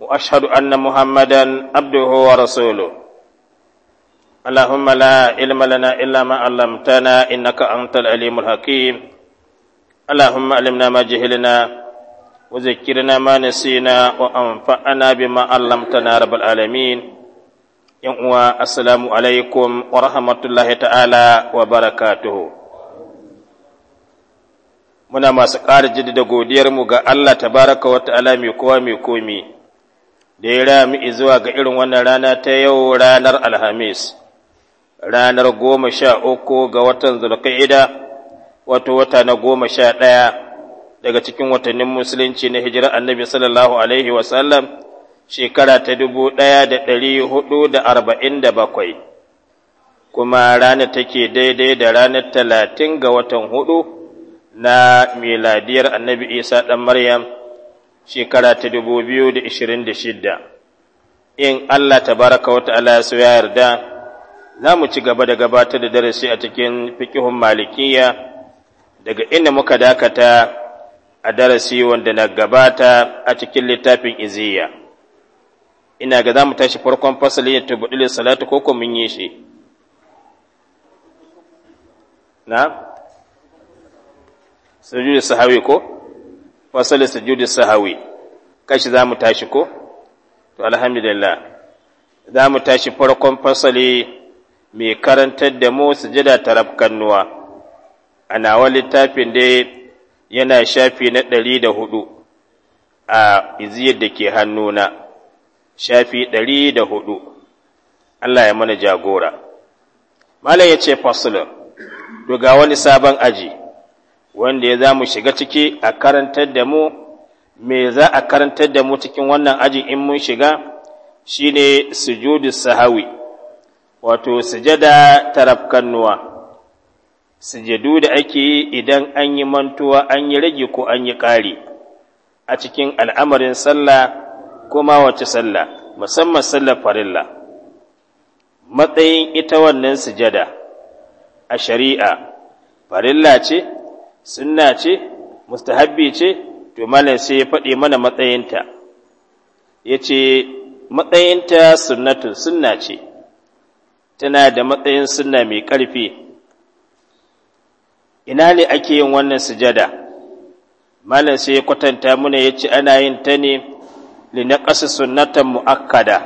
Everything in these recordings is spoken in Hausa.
واشهد ان محمدا عبده ورسوله اللهم لا علم لنا الا ما علمتنا انك انت العليم الحكيم اللهم علمنا ما جهلنا وذكرنا ما نسينا وانفعنا بما علمتنا رب العالمين yan uwa assalamu alaikum wa rahmatullahi ta'ala wa barakatuhu muna masu ƙara jaddada godiyarmu ga Allah tabaraka wa ta'ala mai kowa mai komi da ya rami zuwa ga irin wannan rana ta yau ranar alhamis ranar goma sha uku ga watan zulqa'ida wato wata na goma sha ɗaya daga cikin watannin musulunci na hijirar annabi sallallahu alaihi wasallam shekara ta dubu ɗaya da ɗari hudu da arba'in da bakwai kuma rana take daidai da ranar talatin ga watan hudu na miladiyar annabi isa ɗan maryam shekara ta dubu biyu da ishirin da shida, in Allah Ta baraka wa ta'ala ya so ya yarda za mu ci gaba da gabatar da darasi a cikin fikihun malikiya daga inda muka dakata a darasi wanda na gabata a cikin littafin iziya ina ga za mu tashi farkon fasali ta da salatu ko ko mun yi shi na sujudu sahawi ko fasal sujudi sahawi kashi zamu tashi ko to alhamdulillah zamu tashi farkon fasali mai karantar da mu sujada ta rafkannuwa a nawa littafin dai yana shafi na ɗari da hudu a iziyar da ke hannuna shafi ɗari da hudu Allah ya mana jagora Malam ya ce fasulun to ga wani sabon aji wanda ya za mu shiga ciki a karantar da mu me za a karantar da mu cikin wannan ajin in mun shiga Shi shine sujudu sahawi wato sujada tarafkannuwa sujadu da ake yi idan an yi mantuwa an yi rage ko an yi ƙari a cikin al'amarin sallah kuma wace sallah musamman sallar farilla matsayin ita wannan sujada a shari'a farilla ce sunna ce mustahabbi ce to malam sai ya faɗi mana matsayinta ya ce matsayinta sunnatu sunna ce tana da matsayin sunna mai ƙarfi ina ne ake yin wannan sujada malam sai ya kwatanta mana yace ana yin ta ne linaƙasa sunnatan mu'akkada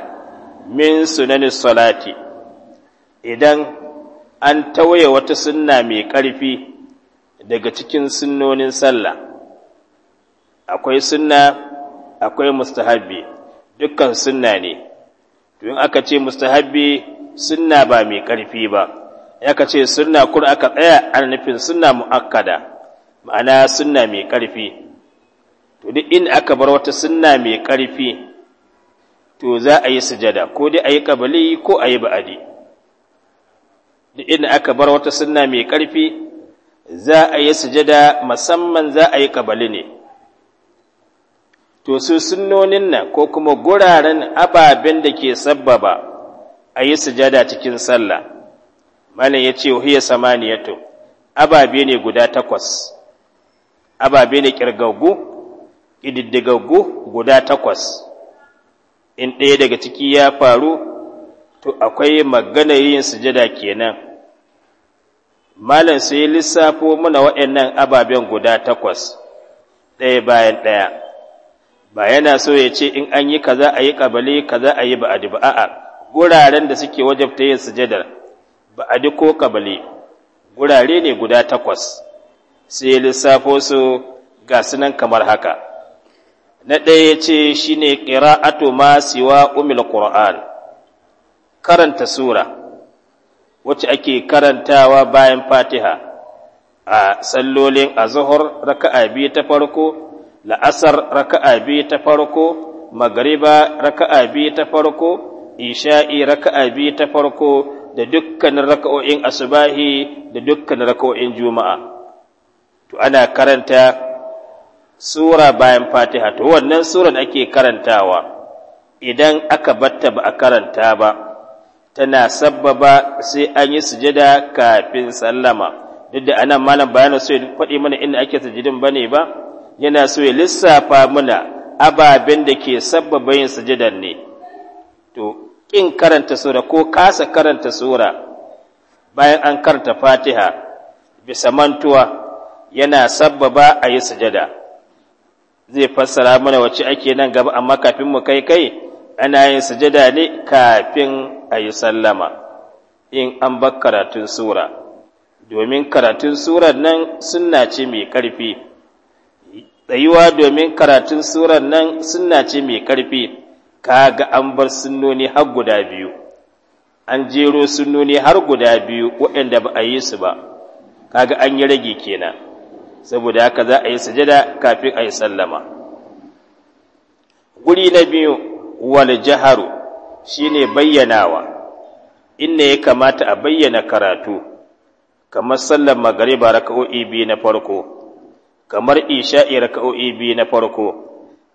min sunani salati idan an tauye wata sunna mai ƙarfi daga cikin sunnonin sallah akwai sunna akwai mustahabbi dukkan sunna ne to in aka ce mustahabbi sunna ba mai ƙarfi ba aka ce sunna kur aka tsaya ana nufin sunna mu'akkada ma'ana sunna mai ƙarfi to duk in aka bar wata sunna mai ƙarfi to za a yi sujada ko dai a yi ƙabali ko a yi ba'adi duk in aka bar wata sunna mai ƙarfi za a yi sujada musamman za a yi kabali ne to su sunnonin nan ko kuma guraren ababen da ke sabbaba a yi sujada cikin sallah mana ya ce hiya samaniyatu ababe ne guda takwas ababe ne ƙirgaggu ƙididdigaggu guda takwas in ɗaya daga ciki ya faru to akwai maganar yin sujada kenan malam sai ya lissafo mana waɗannan ababen guda takwas ɗaya bayan ɗaya ba yana so ya ce in an yi kaza a yi ƙabali kaza a yi ba'adi ba a'a guraren da suke wajabta yin sujadar ba'adi ko ƙabali gurare ne guda takwas sai ya lissafo su ga sunan kamar haka na ɗaya ya ce shi ne ƙira'atu ma siwa umil karanta sura wacce ake karantawa bayan fatiha a sallolin azuhur raka'a biyu ta farko la'asar raka'a biyu ta farko magariba raka'a biyu ta farko isha'i raka'a biyu ta farko da dukkanin raka'o'in asubahi da dukkanin raka'o'in juma'a to ana karanta sura bayan fatiha to wannan suran ake karantawa idan aka batta ba a karanta ba tana sabbaba sai an yi sujada kafin sallama duk da anan malam bayanin so ya faɗi mana inda ake sujudin bane ba yana so ya lissafa muna ababen da ke sabbaba yin sujadan ne to kin karanta sura ko kasa karanta sura bayan an karanta fatiha bisa mantuwa yana sabbaba a yi sujada zai fassara mana wacce ake nan gaba amma kafin mu kai kai ana yin sujada ne kafin ayi sallama in an bar karatun sura domin karatun surar nan sunna ce mai ƙarfi tsayuwa domin karatun surar nan sunna ce mai ƙarfi kaga an bar sunnoni har guda biyu an jero sunnoni har guda biyu waɗanda ba a yi su ba kaga an yi rage kenan saboda haka za a yi sujada kafin a yi sallama guri na biyu wal jaharu Shi ne bayyanawa inda ya kamata a bayyana karatu kamar sallar magariba raka'o'i biyu na farko kamar isha'i raka'o'i biyu na farko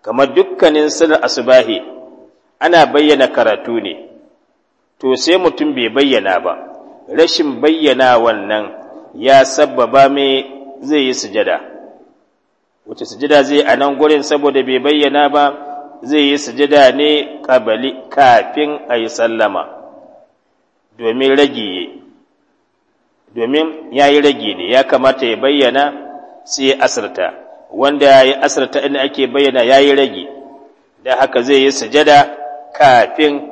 kamar dukkanin sallar asubahi ana bayyana karatu ne to sai mutum bai bayyana ba rashin bayyana wannan ya sababa mai zai yi sujada wace sujada zai a nan gurin saboda bai bayyana ba zai yi sujada ne ƙabali kafin a yi sallama domin rage domin ya yi rage ne ya kamata ya bayyana sai ya asirta wanda ya yi asirta inda ake bayyana ya yi rage da haka zai yi sujada kafin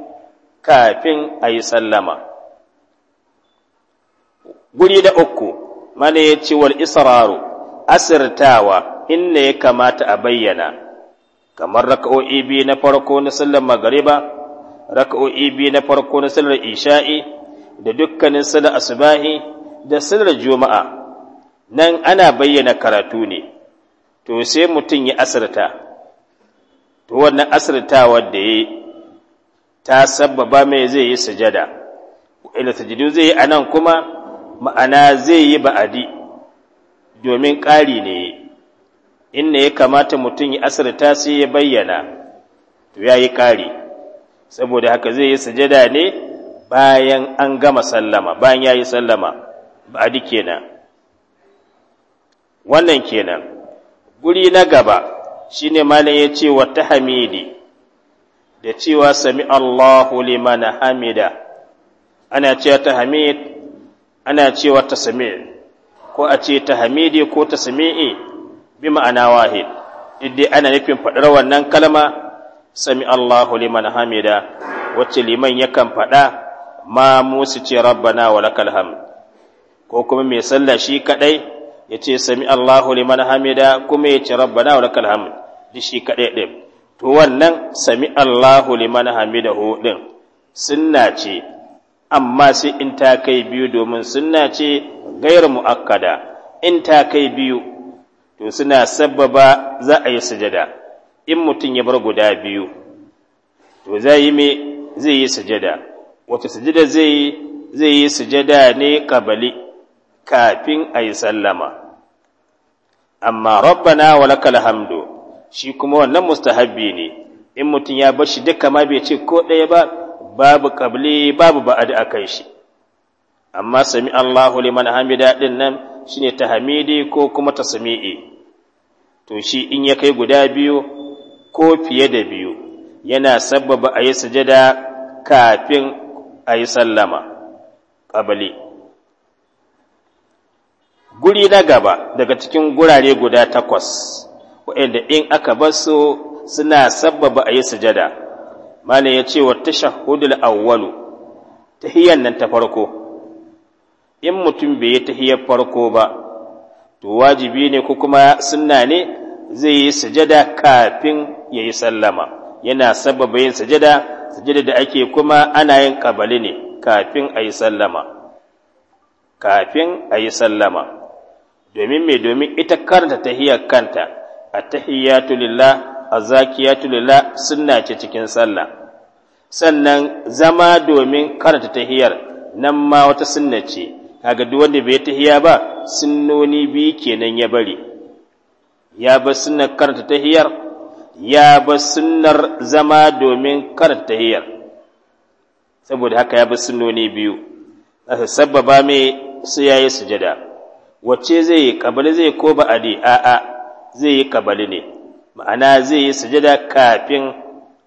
kafin a yi sallama guri da uku mana ya ce wal israru asirtawa inda ya kamata a bayyana kamar raka'o'i biyu na farko na sallar magariba raka'o'i biyu na farko na sallar isha'i da dukkanin sallar asubahi da sallar juma'a nan ana bayyana karatu ne to sai mutum ya asirta to wannan asirtawa da ya ta sababa mai zai yi sujada ila sujudu zai yi anan kuma ma'ana zai yi ba'adi domin ƙari ne inda ya kamata mutum ya asirta sai ya bayyana to ya yi ƙari saboda haka zai yi sujada ne bayan an gama sallama bayan ya yi sallama ba kenan wannan kenan guri na gaba shine malam ya ce wa hamidi da cewa sami Allahu liman hamida ana cewa hamid ana cewa sami ko a ce ta Hamidi ko ta sami'i bi ma'ana wahid idda ana nufin faɗar wannan kalma sami Allahu liman hamida wacce liman yakan faɗa ma musu ce rabbana wa lakal ko kuma mai sallah shi kadai yace sami Allahu liman hamida kuma yace rabbana wa lakal hamd shi kadai din to wannan sami Allahu liman hamidahu din sunna ce amma sai in ta kai biyu domin sunna ce gairu muakkada in ta kai biyu to suna sababa za a yi sujada in mutum ya bar guda biyu to zai yi me zai yi sujada wata sujada zai yi zai yi sujada ne kabali kafin a yi sallama amma rabbana walakal hamdu shi kuma wannan mustahabbi ne in mutum ya bar shi duka ma bai ce ko ɗaya ba babu kabli babu ba'ad akan shi amma sami Allahu liman hamida din shine tahmidi ko kuma tasmi'i to shi in ya kai guda biyu ko fiye da biyu yana sabbaba ayi sujada kafin ayi sallama qabli guri na gaba daga cikin gurare guda takwas waɗanda in aka bar su suna sabbaba ayi sujada malam ya ce wa tashahhudul awwalu tahiyyan nan ta farko in mutum bai yi tahiyar farko ba to wajibi ne ko kuma sunna ne zai yi sujada kafin ya yi sallama yana sababa yin sujada sujada da ake kuma ana yin kabali ne kafin a yi sallama kafin a yi sallama domin mai domin ita karanta tahiyar kanta a tahiyatu lillah a zakiyatu lillah sunna ce cikin sallah sannan zama domin karanta tahiyar nan ma wata sunna ce ga duk wanda bai tahiya ba sunnoni biyu kenan ya bari ya ba sunnar karanta tahiyar ya ba sunnar zama domin karanta tahiyar saboda haka ya ba sunnoni biyu aka sabbaba mai su yayi sujada wace zai yi kabali zai ko ba adi a'a zai yi kabali ne ma'ana zai yi sujada kafin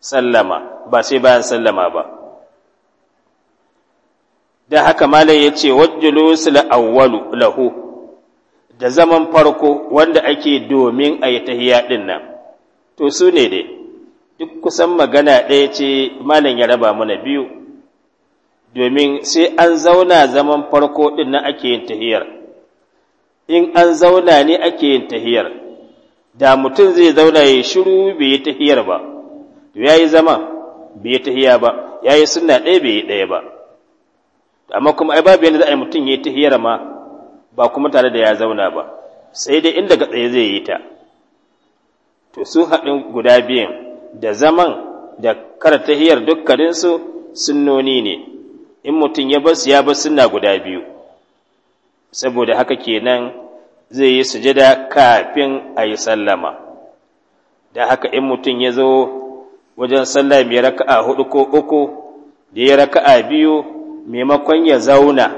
sallama ba sai bayan sallama ba da haka malam ya ce wajjulusul awwalu lahu da zaman farko wanda ake domin a yi tahiya ɗin nan to su ne dai duk kusan magana ɗaya ce malam ya raba mana biyu domin sai an zauna zaman farko ɗin nan ake yin tahiyar in an zauna ne ake yin tahiyar da mutum zai zauna ya shiru bai yi tahiyar ba to ya yi zama bai yi tahiya ba ya yi sunna ɗaya bai yi ɗaya ba amma kuma ai babu yadda za a yi mutum ya yi ta hiyar ma ba kuma tare da ya zauna ba sai dai inda ga tsaye zai yi ta to sun haɗin guda biyan da zaman da ta hiyar dukkaninsu sunnoni ne in mutum ya basu ya basu sunna guda biyu saboda haka kenan zai yi sujada kafin a yi sallama da haka in mutum ya zo wajen sallah mai raka'a hudu ko uku da ya raka'a biyu maimakon ya zauna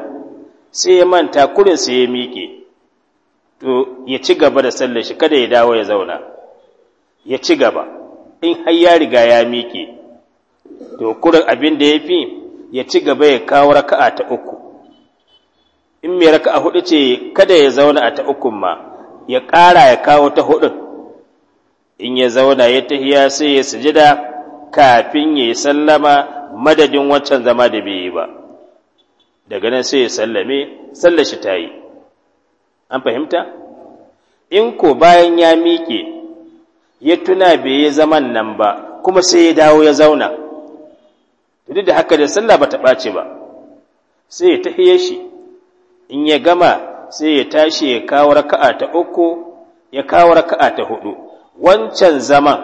sai ya manta kurin sai ya miƙe to ya ci gaba da sallar shi kada ya dawo ya zauna ya ci gaba in har ya riga ya miƙe to kurin abin da ya fi ya ci gaba ya kawo raka'a ta uku in mai raka'a hudu ce kada ya zauna a ta ukun ma ya ƙara ya kawo ta hudun in ya zauna ya tahiya sai ya sujida kafin ya yi sallama madadin wancan zama da bai yi ba daga nan sai ya sallame sallar shi ta yi an fahimta in ko bayan ya miƙe ya tuna bai yi zaman nan ba kuma sai ya dawo ya zauna duk da haka da sallah bata ta ɓace ba sai ya tahiye shi in ya gama sai ya tashi ya kawo raka'a ta uku ya kawo raka'a ta hudu wancan zaman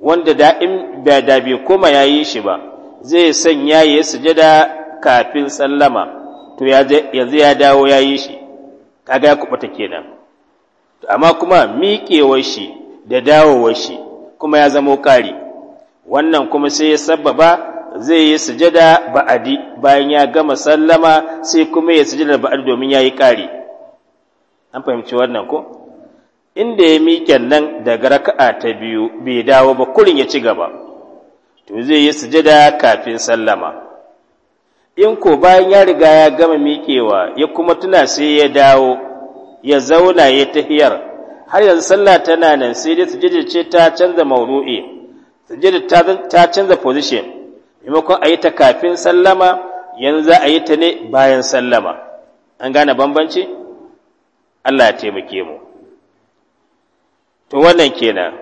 wanda da in ba da bai koma yayi shi ba zai sanya ya sujada kafin sallama to yanzu ya dawo ya yi shi kaga ya kubuta kenan amma kuma miƙewar shi da dawowar shi kuma ya zamo ƙari wannan kuma sai ya sababa zai yi sujada ba'adi bayan ya gama sallama sai kuma ya sujada ba'adi domin ya yi ƙari an fahimci wannan ko inda ya miƙe nan daga raka'a ta biyu bai dawo ba kurin ya ci gaba to zai yi sujada kafin sallama in ko bayan ya riga ya gama miƙewa ya kuma tuna sai ya dawo ya zauna ya tahiyar har yanzu sallah tana nan sai dai sujjada ce ta canza maudu'i sujjada ta canza position maimakon a yi ta kafin sallama yanzu za a yi ta ne bayan sallama an gane bambanci Allah ya taimake mu to wannan kenan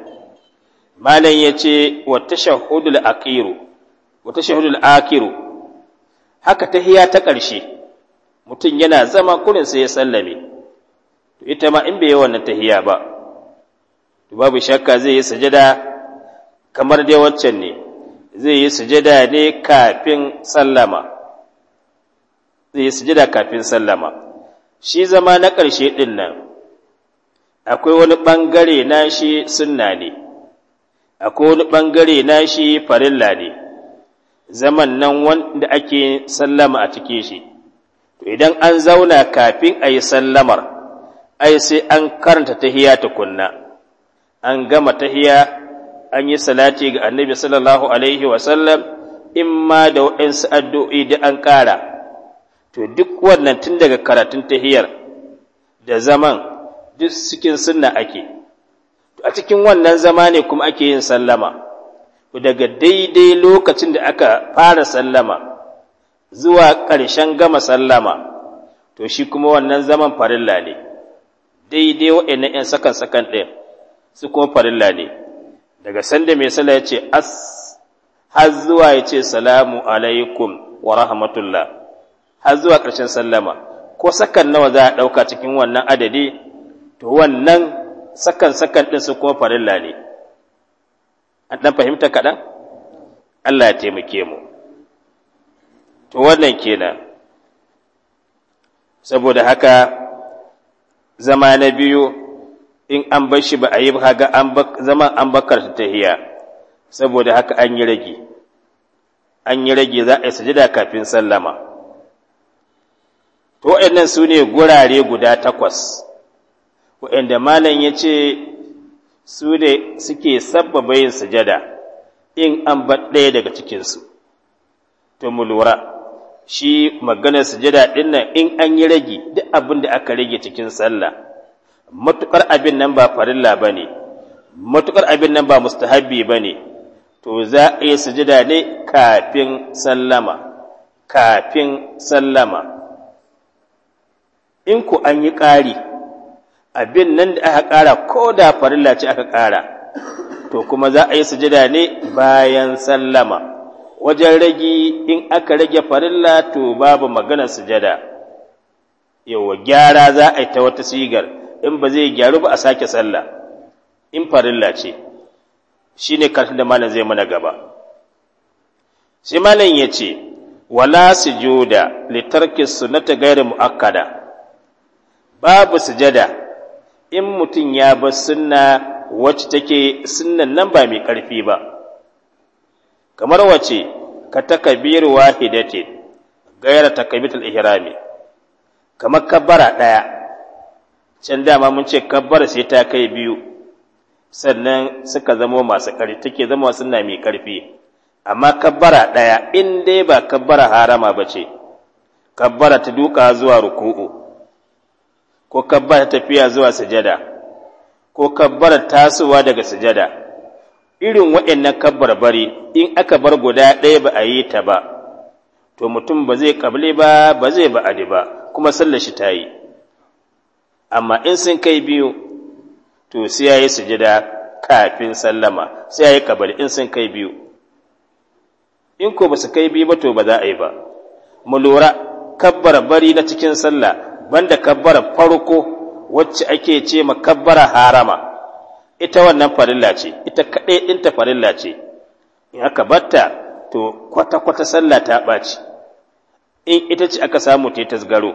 malam ya wa tashahhudul akiru wa haka tahiya ta ƙarshe mutum yana zama kurin sai ya sallame to ita ma in bai yi wannan tahiya ba babu shakka zai yi sujada kamar dai waccan ne zai yi sujada ne kafin sallama zai yi sujada kafin sallama shi zama na ƙarshe ɗin nan akwai wani ɓangare na shi sunna ne akwai wani ɓangare na shi farilla ne zaman nan wanda ake sallama a cike shi to idan an zauna kafin a yi sallamar ai sai an karanta tahiya tukunna an gama tahiya an yi salati ga annabi sallallahu alaihi wasallam in ma da waɗansu addu''i da an ƙara to duk wannan tun daga karatun tahiyar da zaman duk cikin sunna ake a cikin wannan zama ne kuma ake yin sallama daga daidai lokacin da aka fara sallama zuwa ƙarshen gama sallama to shi kuma wannan zaman farilla ne daidai waɗannan 'yan sakan sakan ɗin su kuma farilla ne daga sanda mai sallah ya ce har zuwa ya ce salamu alaikum wa rahmatullah har zuwa ƙarshen sallama ko sakan nawa za a ɗauka cikin wannan adadi to wannan sakan sakan ɗin su kuma farilla ne an ɗan fahimta kaɗan allah ya taimake mu to wannan kenan saboda haka zama na biyu in an bar shi ba a yi haga zaman an bakar ta tahiya saboda haka an yi rage an yi rage za a yi sujada kafin sallama to waɗannan su gurare guda takwas waɗanda malam ya ce su ne suke sabbaba yin sujada in an bar ɗaya daga cikinsu Tumul shi maganar sujada ɗin nan in an yi rage duk abin da aka rage cikin sallah matuƙar abin nan ba farilla ba ne matuƙar abin nan ba mustahabbi ba ne to za a yi sujada ne kafin sallama kafin sallama in ku an yi ƙari abin nan da aka ƙara ko da farilla ce aka ƙara to kuma za a yi sujada ne bayan sallama wajen ragi in aka rage farilla to babu maganar sujada yawa gyara za a yi ta wata sigar in ba zai gyaru ba a sake sallah in farilla ce shi ne karshen da malam zai mana gaba Shi malam ya ce wala su su na ta gairu mu'akkada babu sujada in mutum ya bar sunna wacce take sunnan nan ba mai ƙarfi ba kamar wace ka takabir wahidati gaira takabiratul ihrami kamar kabbara ɗaya can dama mun ce kabbara sai ta kai biyu sannan suka zama masu ƙarfi take zama sunna mai ƙarfi amma kabbara ɗaya in dai ba kabbara harama ba ce kabbara ta duka zuwa ruku'u ko kabbara tafiya zuwa sujada ko kabbara tasowa daga sujada irin waɗannan kabbar bari in aka bar guda ɗaya ba a yi ta ba to mutum ba zai kable ba ba zai ba adi ba kuma sallar shi ta yi amma in sun kai biyu to sai ya yi sujada kafin sallama sai ya yi kabali in sun kai biyu in ko ba su kai biyu ba to ba za a yi ba mu lura kabbar bari na cikin sallah banda kabbara farko wacce ake ce ma kabbara harama ita wannan farilla ce ita kaɗai ɗinta farilla ce in aka batta to kwata-kwata sallah ta ɓaci in ita ce aka samu ta tasgaro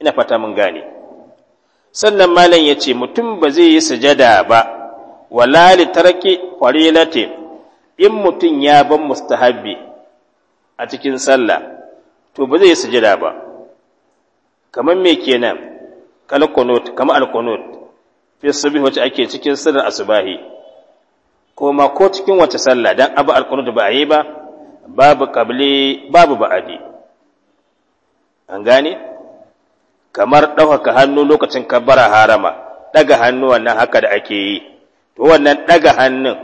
ina fata mun gane sannan malam ya ce mutum ba zai yi sujada ba wala tarki farilati in mutum ya ban mustahabbi a cikin sallah to ba zai yi sujada ba kamar me kenan kalkonot kamar alkonot fi subhi wacce ake cikin sirrin asubahi ko ma ko cikin wace sallah dan abu alkonot ba a yi ba babu qabli babu ba'adi an gane kamar ɗaukaka hannu lokacin kabbara harama ɗaga hannu wannan haka da ake yi to wannan ɗaga hannun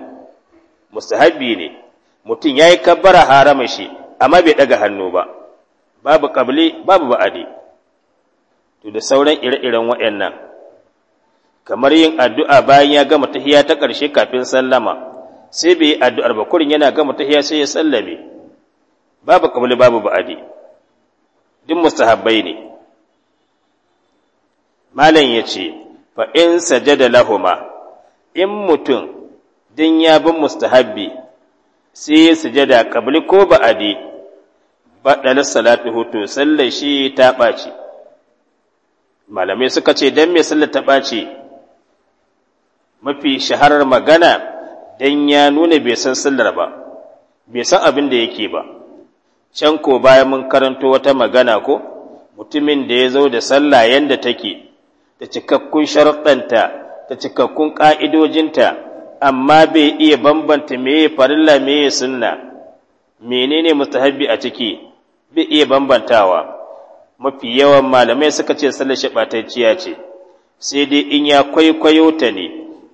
mustahabi ne mutum ya yi kabbara harama shi amma bai ɗaga hannu ba babu ƙabli babu ba'adi to da sauran ire-iren waɗannan kamar yin addu'a bayan ya gama tahiya ta ƙarshe kafin sallama sai bai yi addu'ar ba kurin yana gama tahiya sai ya sallame babu kabli babu ba'adi duk mustahabbai ne malam ya ce fa’in in da lahoma in mutum din ya bin mustahabbi sai ya da kabli ko ba'adi baɗalar salatu hutu sallar shi ta ɓaci malamai suka ce dan me sallar ta ɓace mafi shaharar magana dan ya nuna bai san sallar ba bai san abin da yake ba can ko bayan mun karanto wata magana ko mutumin da ya zo da sallah yanda take da cikakkun sharuɗanta da cikakkun ƙa'idojinta amma bai iya bambanta me ya farilla ya sunna menene mustahabbi a ciki bai iya bambantawa mafi yawan malamai suka ce sallar shi ce sai dai in ya kwaikwayo ta ne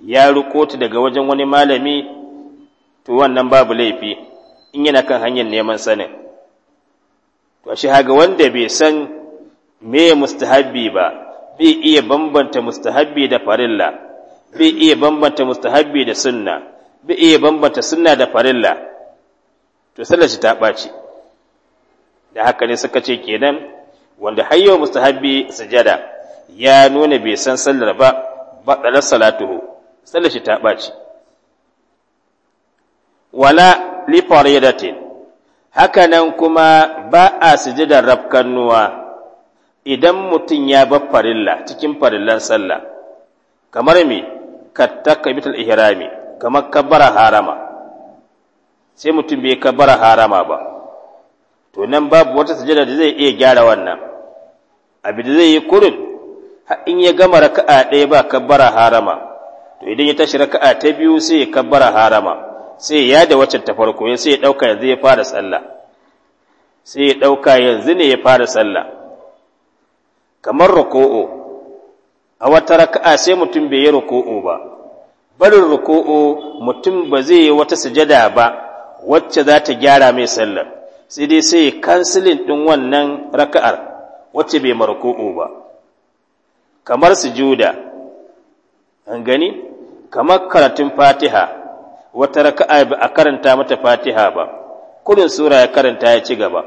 ya riko ta daga wajen wani malami to wannan babu laifi in yana kan hanyar neman sanin to shi haga wanda bai san me mustahabbi ba bai iya bambanta mustahabbi da farilla bai iya bambanta mustahabbi da sunna bai iya bambanta sunna da farilla to sallar shi ta ɓaci da haka ne suka ce kenan wanda har yau mustahabbi sujada ya nuna bai san sallar ba baɗalar salatuhu sallar shi ta baci wala li faridatin haka nan kuma ba a sujadar rafkannuwa idan mutum ya bar farilla cikin farillan sallah kamar me kattakabitul ihrami kamar kabbara harama sai mutum bai kabbara harama ba to nan babu wata sujada da zai iya gyara wannan abin da zai yi kurin in ya gama raka'a ɗaya ba kabbara harama to idan ya tashi raka'a ta biyu sai ya kabbara harama sai ya da waccan ta farko ya sai ya ɗauka yanzu ya fara sallah sai ya ɗauka yanzu ne ya fara sallah kamar ruku'u a wata raka'a sai mutum bai yi ruku'u ba barin ruku'u mutum ba zai yi wata sujada ba wacce za ta gyara mai sallah, sai dai sai ya kansilin ɗin wannan raka'ar wacce bai marku'u ba kamar sujuda an gani kamar karatun fatiha wata raka'a ba a karanta mata fatiha ba kurin sura ya karanta ya ci gaba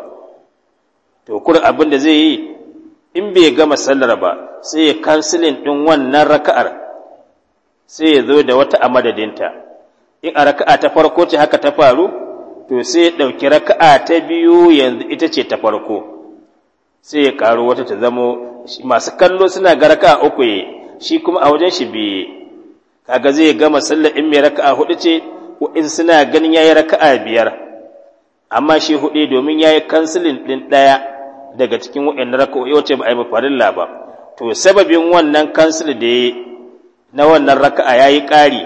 to kudin abin da zai yi in bai gama sallar ba sai ya kansilin ɗin wannan raka'ar sai ya zo da wata a madadinta in a raka'a ta farko ce haka ta faru to sai ya ɗauki raka'a ta biyu yanzu ita ce ta farko sai ya ƙaru wata ta zamo masu kallo suna ga raka'a uku shi kuma a wajen shi biye kaga zai gama sallar in mai raka'a hudu ce in suna ganin ya yayi raka'a biyar amma shi hudu domin ya yi kansilin ɗin ɗaya daga cikin raka raka'o'i wacce ba a yi ba farilla ba to sababin wannan kansil da ya na wannan raka'a ya yi ƙari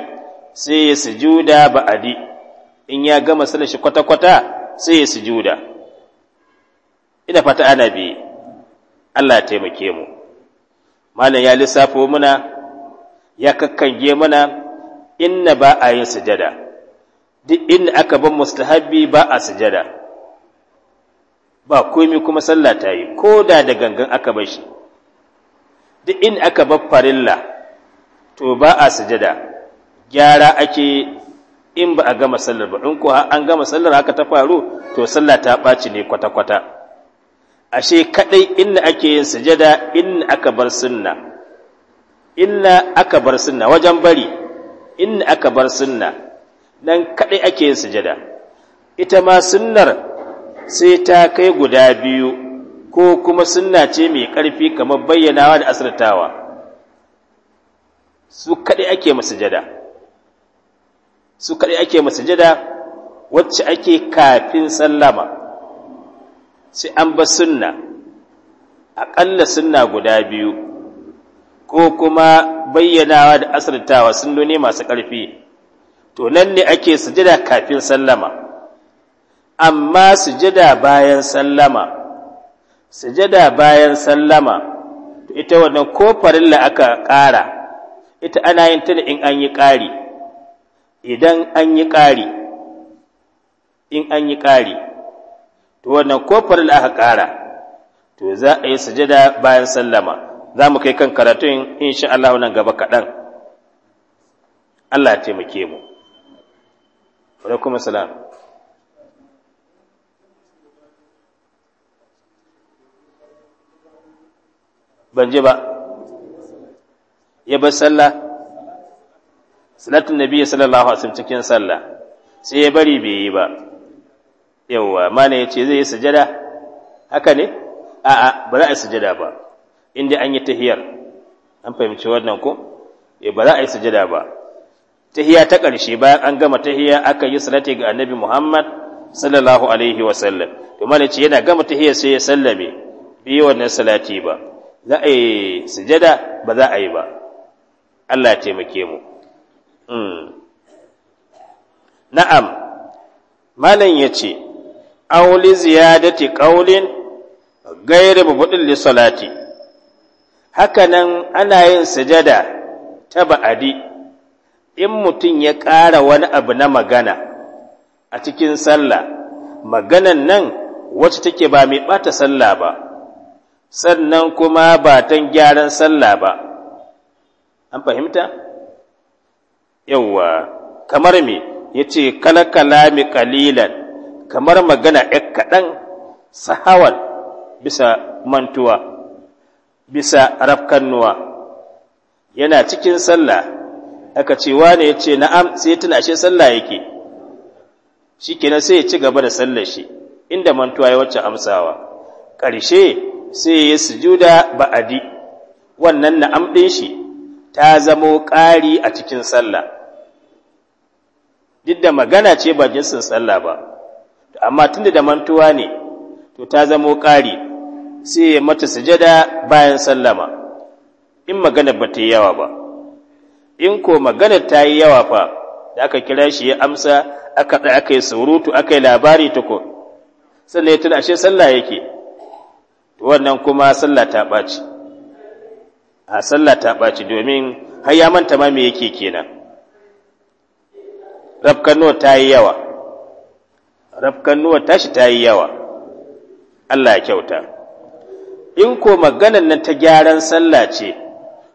sai ya sujuda ba'adi in ya gama sallar shi kwata-kwata sai ya sujuda ina fata ana biye Allah ya taimake mu malam ya lissafo muna ya kakkange muna inna ba a yin sujada duk inda aka ban mustahabbi ba a sujada ba komai kuma sallah ta yi ko da da gangan aka bar shi duk inda aka bar farilla to ba a sujada gyara ake in ba a gama sallar ba in ko an gama sallar haka ta faru to sallah ta ɓaci ne kwata-kwata ashe kadai inda ake yin sujada in aka bar sunna inna aka bar sunna wajen bari in aka bar sunna nan kadai ake yin sujada ita ma sunnar sai ta kai guda biyu ko kuma sunna ce mai ƙarfi kamar bayyanawa da asirtawa su kadai ake jada, su kadai ake jada wacce ake kafin sallama sai an ba sunna aƙalla sunna guda biyu ko kuma bayyanawa da asirtawa sunnoni masu ƙarfi to nan ne ake sujada kafin sallama amma sujada bayan sallama sujada bayan sallama to ita wannan ko farilla aka ƙara ita ana yin ta in an yi ƙari idan an yi ƙari in an yi ƙari to wannan kofar da aka ƙara to za a yi sujada bayan sallama za mu kai kan karatun sha Allah nan gaba kaɗan Allah ya taimake mu alaikum Salam. ban je ba ya bar sallah salatun nabi sallallahu alaihi wasallam cikin sallah sai ya bari bai yi ba yawa malam yace zai yi sujada haka ne a'a ba za a yi sujada ba inda an yi tahiyar an fahimci wannan ko eh ba za a yi sujada ba tahiya ta ƙarshe bayan an gama tahiya aka yi salati ga annabi Muhammad sallallahu alaihi wa sallam to malam yace yana gama tahiyar sai ya sallame bi wannan salati ba za a yi sujada ba za a yi ba Allah ya taimake mu hmm. na'am malam yace aw li ziyadati qawlin ghayr mubdil li salati hakanan ana yin sujada ta ba'adi in mutum ya ƙara wani abu na magana a cikin sallah maganan nan wacce take ba mai ɓata sallah ba sannan kuma ba tan gyaran sallah ba an fahimta yawwa kamar me yace kala kalami qalilan kamar magana ‘yan kaɗan sahawal bisa mantuwa bisa rafkannuwa yana cikin sallah aka ce wane ya ce na'am sai tuna ashe sallah yake shi kenan sai ya ci gaba da sallah shi inda mantuwa ya wacce amsawa ƙarshe sai ya sujuda ba'adi wannan na'am ɗin shi ta zamo ƙari a cikin sallah duk da magana ce ba jinsin sallah ba amma tunda da mantuwa ne to ta zamo ƙari sai ya mata sujada bayan sallama in magana ba ta yi yawa ba in ko magana ta yi yawa fa da aka kira shi ya amsa aka da aka yi surutu aka yi labari tuko sannan ya tuna ashe sallah yake wannan kuma sallah ta ɓaci a sallah ta ɓaci domin har ya manta ma me yake kenan rabkano ta yi yawa rafkannuwar tashi ta yi yawa Allah ya kyauta in ko maganar nan ta gyaran sallah ce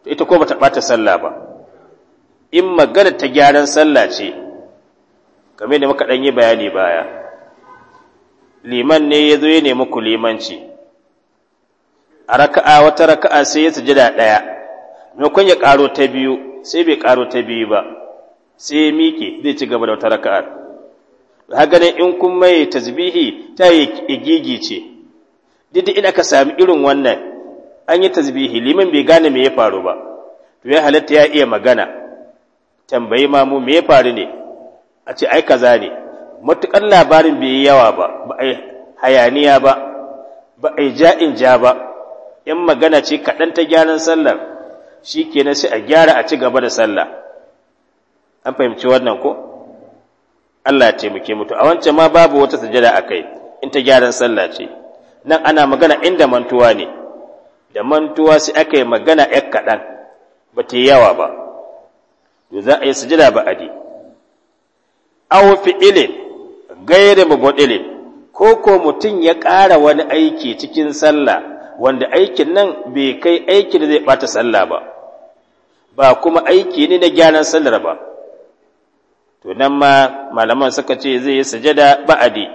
to ita ko bata bata sallah ba in maganar ta gyaran sallah ce kamar da muka ɗan yi bayani baya liman ne ya zo ya nemi ku limanci a raka'a wata raka'a sai ya sujada ɗaya maimakon ya ƙaro ta biyu sai bai ƙaro ta biyu ba sai ya miƙe zai ci gaba da wata raka'ar haka nan in kun mai tasbihi ta yi ce. didi ina ka sami irin wannan an yi tasbihi liman bai gane me ya faru ba to ya halatta ya iya magana tambayi mamu me ya faru ne a ce ai kaza ne matukan labarin bai yi yawa ba ba ai hayaniya ba ba ai ja'in ja ba in magana ce kaɗan ta gyaran sallar shi kenan sai a gyara a ci gaba da sallah an fahimci wannan ko Allah ya taimake mutu a wancan ma babu wata sujada kai in ta gyaran sallah ce nan ana magana inda mantuwa ne da mantuwa sai aka yi magana ɗan kaɗan ba ta yi yawa ba, to za a yi sujada ba adi. Aw ilin, gairi mubadilin ko ko mutum ya ƙara wani aiki cikin sallah wanda aikin nan bai kai aikin da zai ɓata sallah ba, ba kuma aiki ne na gyaran sallar ba. to nan ma malaman suka ce zai yi sujada ba'adi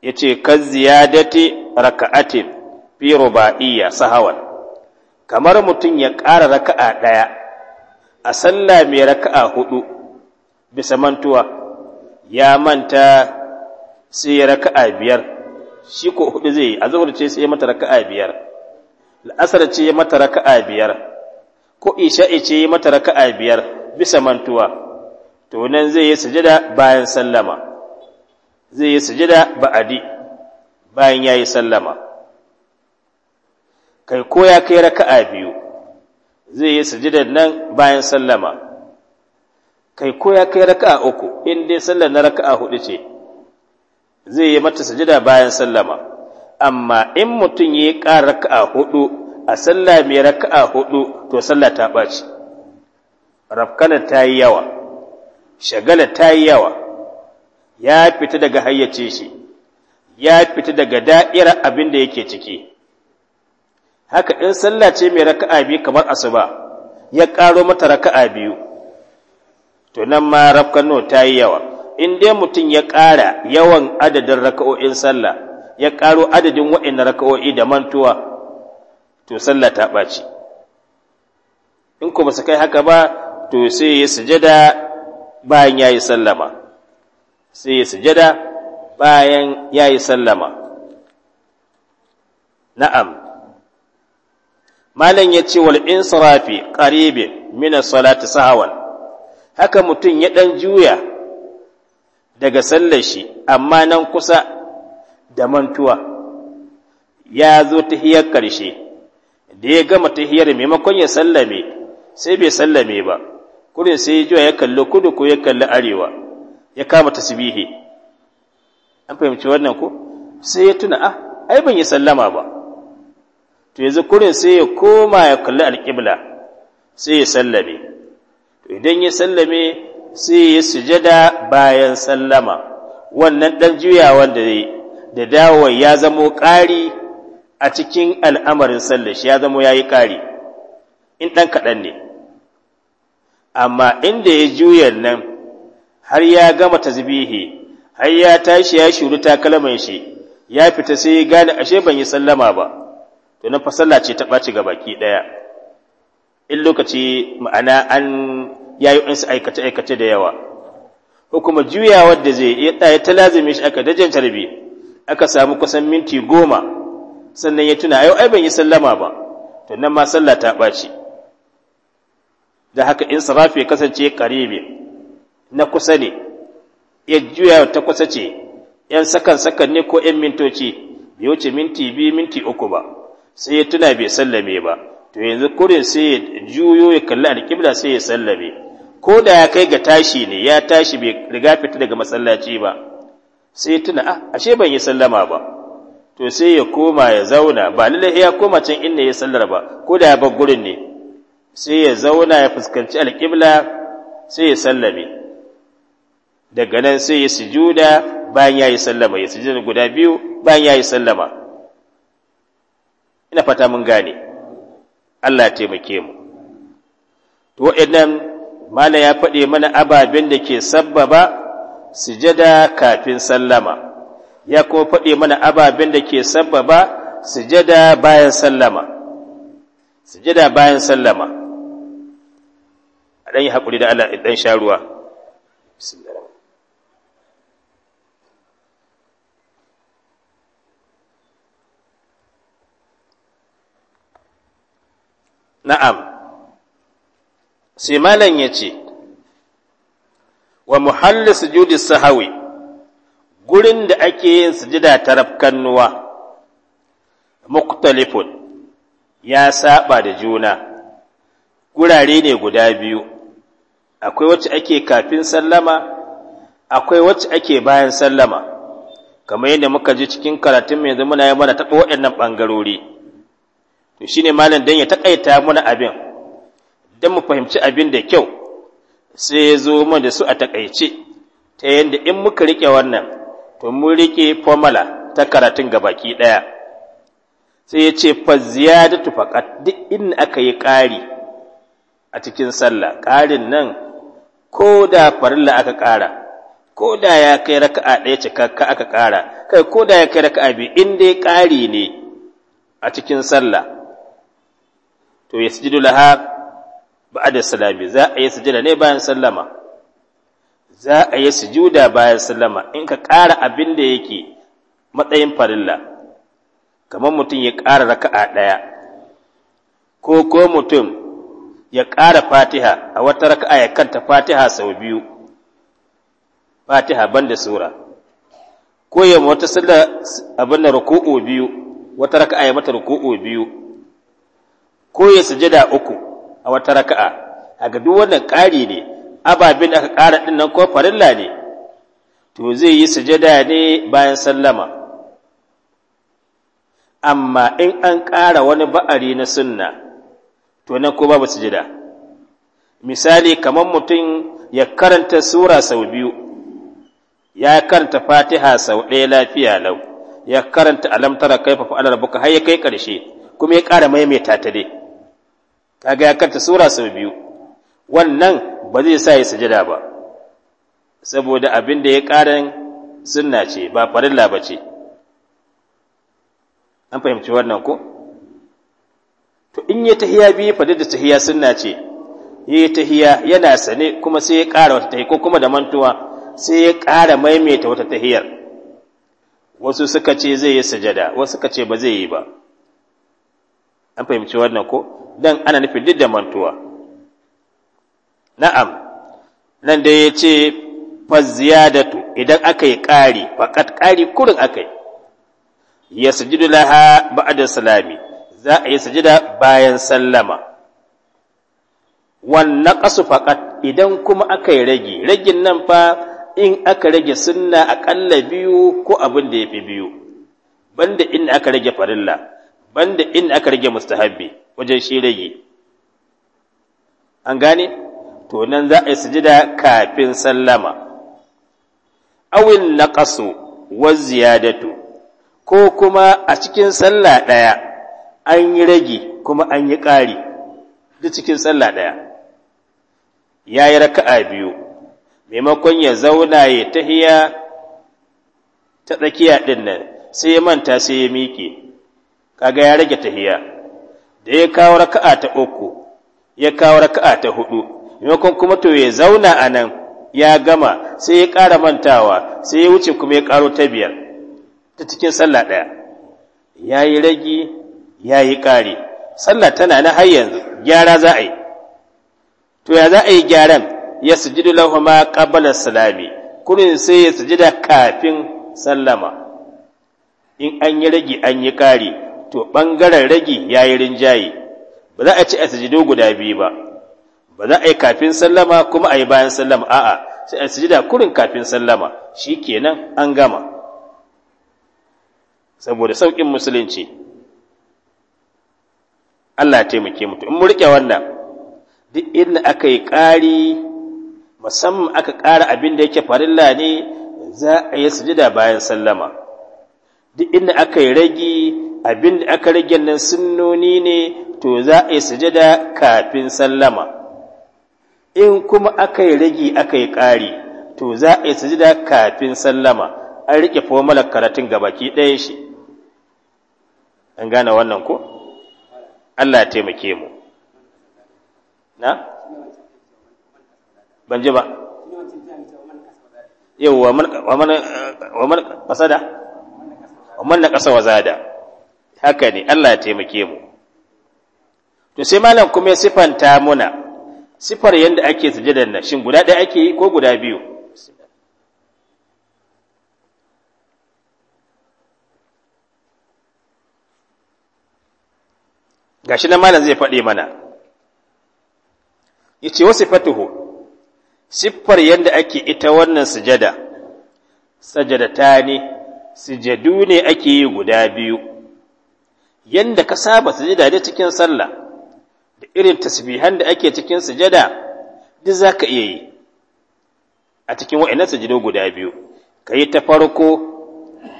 yace kan ziyadati raka'atin fi ruba'iyya sahawan kamar mutum ya ƙara raka'a ɗaya a sallah mai raka'a hudu bisa mantuwa ya manta sai ya raka'a biyar shi ko hudu zai yi a zuhur ce sai ya mata raka'a biyar la'asar ce ya mata raka'a biyar ko isha'i ce ya mata raka'a biyar bisa mantuwa to nan zai yi sujada bayan sallama zai yi sujada ba'adi bayan ya sallama kai ko ya kai raka'a biyu zai yi sujada nan bayan sallama kai ko ya kai raka'a uku in dai sallar na raka'a hudu ce zai yi mata sujada bayan sallama amma in mutum ya yi ƙara raka'a hudu a sallah mai raka'a hudu to sallah ta ɓaci rafkanar ta yi yawa shagala ta yi yawa ya fita daga hayyace shi ya fita daga da'irar abin da yake ciki haka in sallah ce mai raka'a biyu kamar asuba ya ƙaro mata raka'a biyu to nan ma rafkano ta yi yawa in dai mutum ya ƙara yawan adadin raka'o'in sallah ya ƙaro adadin wa'in raka'o'i da mantuwa to sallah ta ɓaci in ku ba su kai haka ba to sai ya sujada bayan ya yi sallama sai ya sujada bayan ya yi sallama na'am malam ya ce wal in sarafi ƙaribe mina Salatu sahawan haka mutum ya ɗan juya daga sallar shi amma nan kusa da mantuwa ya zo ta hiyar ƙarshe. da ya gama ta hiyar, maimakon ya sallame sai bai sallame ba kurin sai jiwa ya kalli kudu ko ya kalli arewa ya kama tasbihi an fahimci wannan ko sai ya tuna ah ai ban yi sallama ba to yanzu kurin sai ya koma ya kalli alƙibla sai ya sallame to idan ya sallame sai ya sujada bayan sallama wannan dan juyawan da da dawo ya zamo ƙari a cikin al'amarin sallashi ya zamo yayi ƙari in dan kaɗan ne amma inda ya juyar nan har ya gama tasbihi har ya tashi ya shuru takalman shi ya fita sai ya gane ashe ban yi sallama ba to na fasalla ce ta baci ga baki ɗaya in lokaci ma'ana an yayi su aikace aikace da yawa ko kuma juya da zai ya ɗaya ta lazimi shi aka dajen tarbi aka samu kusan minti goma sannan ya tuna yau ai ban yi sallama ba to nan ma sallah ta baci da haka in ya kasance karibi na kusa ne ya juya ta kusa ce ‘yan sakan sakan ne ko ‘yan mintoci bai wuce minti biyu minti uku ba sai ya tuna bai sallame ba to yanzu kurin sai ya juyo ya kalli alƙibla sai ya sallame ko da ya kai ga tashi ne ya tashi bai riga fita daga masallaci ba sai ya tuna ah ashe ban yi sallama ba to sai ya koma ya zauna ba lallai ya koma can inda ya sallar ba ko da ya bar gurin ne sai ya zauna ya fuskanci alƙibla sai ya sallame daga nan sai ya sujuda bayan ya yi sallama ya sujuda guda biyu bayan ya yi sallama ina fata mun gane Allah taimake mu to idan mala ya faɗe mana ababen da ke sabbaba sujada kafin sallama ya kuma faɗe mana ababen da ke sabbaba sujada bayan sallama sujada bayan sallama dan yi hakuri da Allah dan sha ruwa na'am sai malam ce wa muhallu sujudi sahawi gurin da ake yin sujida ta rafkannuwa muktalifun ya saba da juna gurare ne guda biyu akwai wacce ake kafin sallama akwai wacce ake bayan sallama kamar yadda muka ji cikin karatun mai zama na yi mana taɓa waɗannan ɓangarori to ne malam dan ya taƙaita mana abin don mu fahimci abin da kyau sai ya zo mana da su a taƙaice ta yadda in muka riƙe wannan to mun riƙe formula ta karatun ga baki ɗaya sai ya ce fa ziyadatu faqat duk in aka yi ƙari a cikin sallah ƙarin nan ko da farilla aka ƙara ko da ya kai raka'a ɗaya cikakka aka ƙara kai ko da ya kai raka'a biyu in dai ƙari ne a cikin sallah to ya sujudu laha ba'da salami za a yi sujuda ne bayan sallama za a yi sujuda bayan sallama in ka ƙara abin da yake matsayin farilla kamar mutum ya ƙara raka'a ɗaya ko ko mutum ya ƙara fatiha a wata raka'a ya kanta fatiha sau biyu fatiha banda sura ko ya wata sallar abin da ruku'u biyu wata raka'a ya mata ruku'u biyu ko ya sujada uku a wata raka'a a ga duk wannan ƙari ne ababen aka ƙara ɗin nan ko farilla ne to zai yi sujada ne bayan sallama amma in an ƙara wani ba'ari na sunna to nan ko babu sujada misali kamar mutum ya karanta sura sau biyu ya karanta fatiha sau ɗaya lafiya lau ya karanta alamtara kai fafa alar buka har ya kai ƙarshe kuma ya ƙara maimaita ta dai kaga ya karanta sura sau biyu wannan ba zai sa ya sujada ba saboda abin da ya ƙarin sunna ce ba farilla ba ce an fahimci wannan ko to in ya tahiya biyu fa da tahiya sunna ce yi tahiya yana sane kuma sai ya ƙara wata tahiya ko kuma da mantuwa sai ya ƙara maimaita wata tahiyar wasu suka ce zai yi sujada wasu suka ce ba zai yi ba an fahimci wannan ko dan ana nufin duk da mantuwa na'am nan da ya ce fa ziyadatu idan aka yi ƙari faqat ƙari kurin akai. yi ya sujudu laha ba'da salami za a yi sujida bayan sallama wannan ƙasu faƙat idan kuma aka yi rage ragin nan fa in aka rage sunna aƙalla biyu ko abin da ya fi biyu banda in aka rage farilla banda in aka rage mustahabbi wajen shi rage an gane to nan za a yi sujida kafin sallama awin naqasu wa ziyadatu ko kuma a cikin sallah ɗaya an yi rage kuma an yi ƙari duk cikin sallah ɗaya ya yi raka'a biyu maimakon ya zauna ya tahiya ta tsakiya ɗin nan sai ya manta sai ya miƙe kaga ya rage tahiya da ya kawo raka'a ta uku ya kawo raka'a ta hudu maimakon kuma to ya zauna a nan ya gama sai ya ƙara mantawa sai ya wuce kuma ya ƙaro ta biyar ta cikin sallah ɗaya ya yi rage ya yi ƙare sallah tana na har yanzu gyara za a yi to ya za a yi gyaran ya sujudu ma qabala salami kurin sai ya da kafin sallama in an yi ragi an yi ƙari to ɓangaren ragi ya yi rinjaye ba za a ci a sujudu guda biyu ba ba za a yi kafin sallama kuma a yi bayan sallama a'a sai a kurin kafin sallama shi kenan an gama saboda sauƙin musulunci Allah ya taimake mu in mu rike wannan duk inda aka yi ƙari musamman aka ƙara abin da yake farilla ne za a yi sujada bayan sallama duk inda aka yi ragi abin da aka rage nan sunnoni ne to za a yi sujada kafin sallama in kuma aka yi ragi aka yi ƙari to za a yi sujada kafin sallama an rike fomalar karatun gabaki ɗaya shi an gane wannan ko Allah ya taimake mu na ban ji ba yau wa man fasada wa man na ƙasa wa zada haka ne Allah ya taimake mu to sai malam kuma ya sifanta muna sifar yadda ake sujadan nan shin guda ɗaya ake yi ko guda biyu gashi nan malam zai faɗi mana yace wa sifatuhu siffar yadda ake ita wannan sujada ne sujadu ne ake yi guda biyu yanda ka saba sujada da cikin sallah da irin tasbihan da ake cikin sujada duk zaka iya yi a cikin wa'annan sujadu guda biyu ka yi ta farko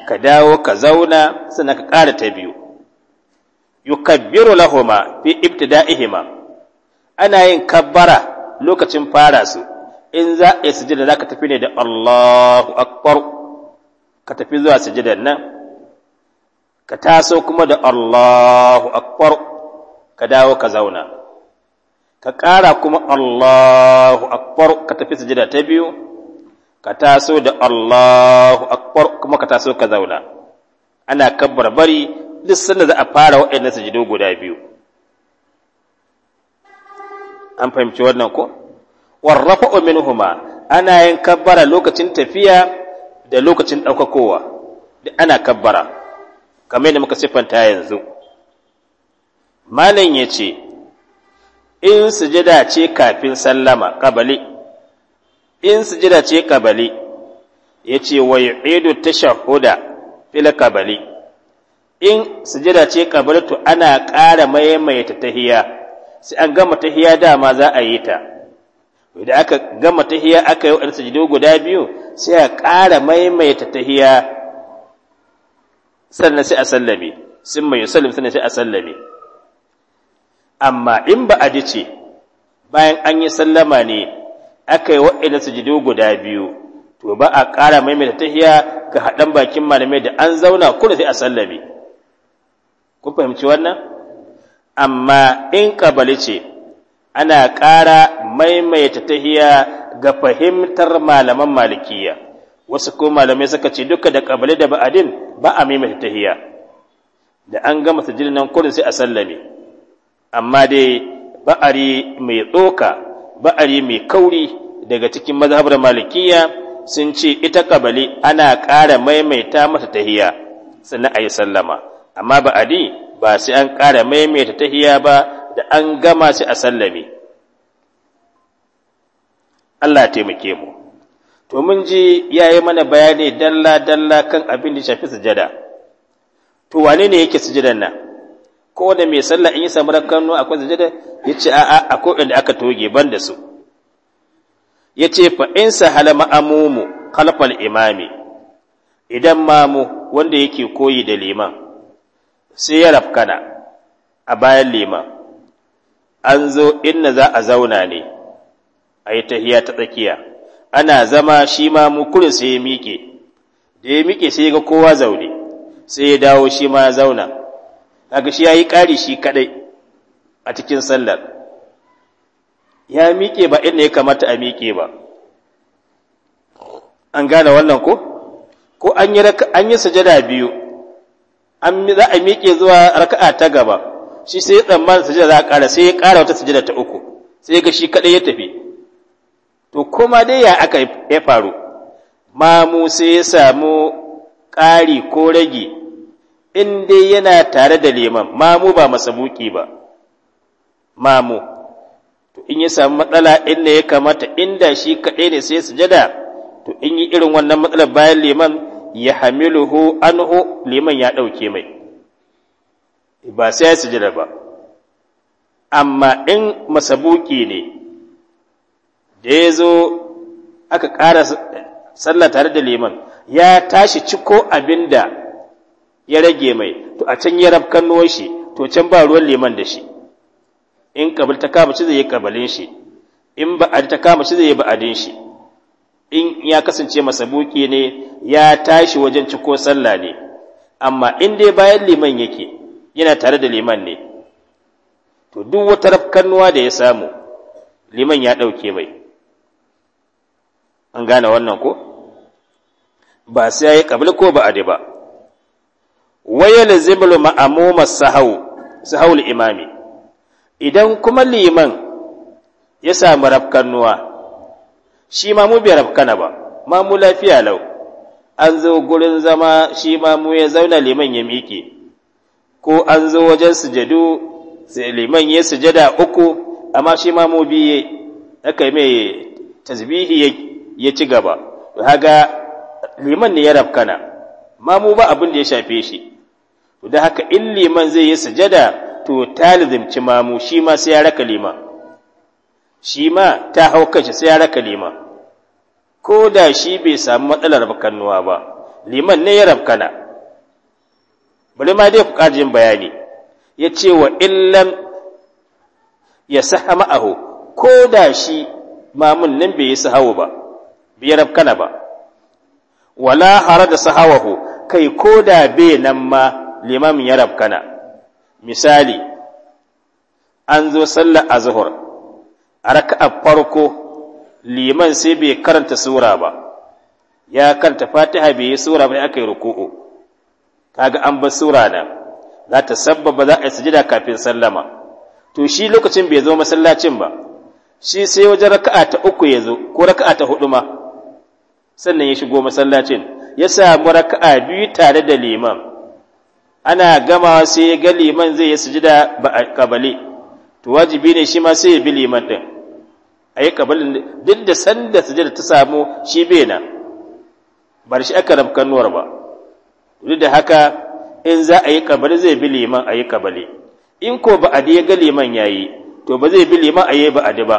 ka dawo ka zauna sannan ka ƙara ta biyu yukabbiru lahuma fi ibtida'ihima ana yin kabbara lokacin fara su in za a sujada za ka tafi ne da Allahu akbar ka tafi zuwa sujadan nan ka taso kuma da Allahu akbar ka dawo ka zauna ka ƙara kuma Allahu akbar ka tafi sujada ta biyu ka taso da Allahu akbar kuma ka taso ka zauna ana kabbar bari duk da za a fara waɗannan sujudu guda biyu an fahimci wannan ko warrafa'u huma ana yin kabbara lokacin tafiya da lokacin ɗaukakowa da ana kabbara kamar yadda muka siffanta yanzu malam ya ce in sujada ce kafin sallama kabali in sujada ce kabali ya ce wa ta shahuda fila kabali in sujada ce qablatu ana ƙara maimaita tahiya, sai an gama da dama za a yi ta idan aka gama tahiya aka yi sujudu guda biyu sai a ƙara maimaita tahiya sannan sai a sallame sun mai sallam sannan sai a sallame amma in ba a ji ce bayan an yi sallama ne aka yi wa'ina sujudu guda biyu to ba a ƙara maimaita tahiya ga haɗan bakin malamai da an zauna kuma sai a sallame kun fahimci wannan amma in kabali ce ana ƙara maimaita tahiya ga fahimtar malaman malikiya wasu ko malamai suka ce duka da kabali da ba'adin ba a maimaita tahiya da an gama sujjin nan kurin sai a sallame amma dai ba'ari mai tsoka ba'ari mai kauri daga cikin mazhabar malikiya sun ce ita kabali ana ƙara maimaita mata tahiya sannan a yi sallama amma ba di ba sai an ƙara maimaita tahiya ba da an gama sai a sallame Allah taimake mu to mun ji yayi mana bayani dalla dalla kan abin da shafi sujada to wane ne yake sujadan nan ko da mai sallah in yi samu rakkanu akwai sujada yace a'a akwai inda aka toge ban da su ya ce fa'insa halama amumu kalfal imami idan mamu wanda yake koyi da liman sai ya rafkana a bayan liman an zo inna za a zauna ne a yi tahiya ta tsakiya ana zama shi ma mu sai ya miƙe da ya miƙe sai ga kowa zaune sai ya dawo shi ma ya zauna ga shi ya yi ƙari shi kaɗai a cikin sallar ya miƙe ba inda ya kamata a miƙe ba an gane wannan ko ko an yi sajada biyu an za a miƙe zuwa raka'a ta gaba shi sai tsamman su sujada za a ƙara sai ya ƙara wata sujada ta uku sai ga shi kaɗai ya tafi to kuma dai ya aka ya faru mamu sai ya samu ƙari ko rage in dai yana tare da liman mamu ba masabuki ba mamu to in ya samu matsala inda ya kamata inda shi kaɗai ne sai sujada to in yi irin wannan matsalar bayan liman ya hamiluhu anhu liman ya ɗauke mai ba sai ya sujada ba amma in masabuki ne da ya zo aka ƙara sallah tare da liman ya tashi ciko abinda ya rage mai to a can ya nuwan shi to can ba ruwan liman da shi in kabil ta kama shi zai yi kabalin shi in ba'adi ta kama shi zai yi ba'adin shi in ya kasance masabuki ne ya tashi wajen ciko sallah ne amma in dai bayan liman yake yana tare da liman ne to duk wata rafkannuwa da ya samu liman ya ɗauke mai an gane wannan ko ba sai ya yi ƙabli ko ba adi ba wayal lazimul ma'amuma sahau sahau imami idan kuma liman ya samu rafkannuwa shi ma mu biyar rafkana ba ma mu lafiya lau an zo gurin zama shi ma mu ya zauna liman ya miƙe ko an zo wajen sujadu liman ya sujada uku amma shi ma mu biye aka mai tasbihi ya ci gaba haga liman ne ya rafkana ma mu ba abin da ya shafe shi da haka in liman zai yi sujada to talizimci mamu shi ma sai ya raka liman shi ma ta hau kanshi sai ya raka liman ko da shi bai samu matsalar rabkannuwa ba liman ne ya rabkana bari ma dai ku ƙarjin bayani ya ce wa illam ya saha ma'ahu ko da shi mamun nan bai yi sahawu ba bai rabkana ba wala hara da sahawahu kai ko da bai nan ma liman ya rabkana misali an zo sallar azhar a raka'a farko liman sai bai karanta sura ba ya karanta fatiha bai yi sura ba aka yi ruku'u kaga an bar sura na za ta sabbaba za a yi sujada kafin sallama to shi lokacin bai zo masallacin ba shi sai wajen raka'a ta uku ya zo ko raka'a ta hudu ma sannan ya shigo masallacin ya samu raka'a biyu tare da liman ana gamawa sai ya ga liman zai yi sujada ba a kabale to wajibi ne shi ma sai ya bi liman din a yi kabalin duk da sanda sujada ta samu shi bena nan bar shi aka rafkan ba duk da haka in za a yi kabali zai bi liman a yi kabali in ko ba a ga liman ya yi to ba zai bi liman a yi ba a ba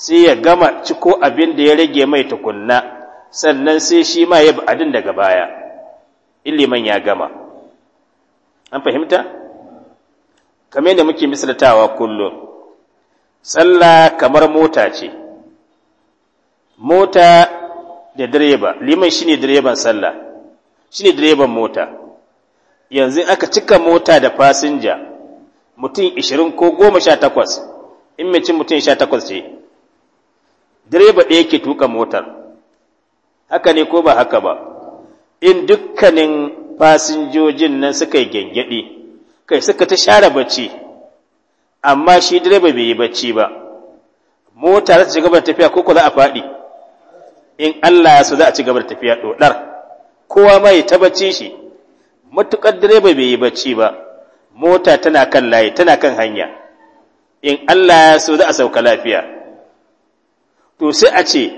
sai ya gama ciko abin da ya rage mai tukunna sannan sai shi ma ya ba'adin daga baya in liman ya gama an fahimta kamar yadda muke misalatawa kullum sallah kamar mota ce mota da direba liman shine direban sallah shine direban mota yanzu aka cika mota da fasinja mutum 20 ko 18 in mace mutum 18 ce direba ɗaya ke tuka motar haka ne ko ba haka ba in dukkanin fasinjojin nan suka yi gyangyaɗe kai suka ta share bacci amma shi direba bai yi bacci ba mota za ta ci gaba da tafiya ko za a faɗi in Allah ya so za a ci gaba da tafiya ɗoɗar kowa ma ya ta bacci shi matuƙar direba bai yi bacci ba mota tana kan layi tana kan hanya in Allah ya so za a sauka lafiya to sai a ce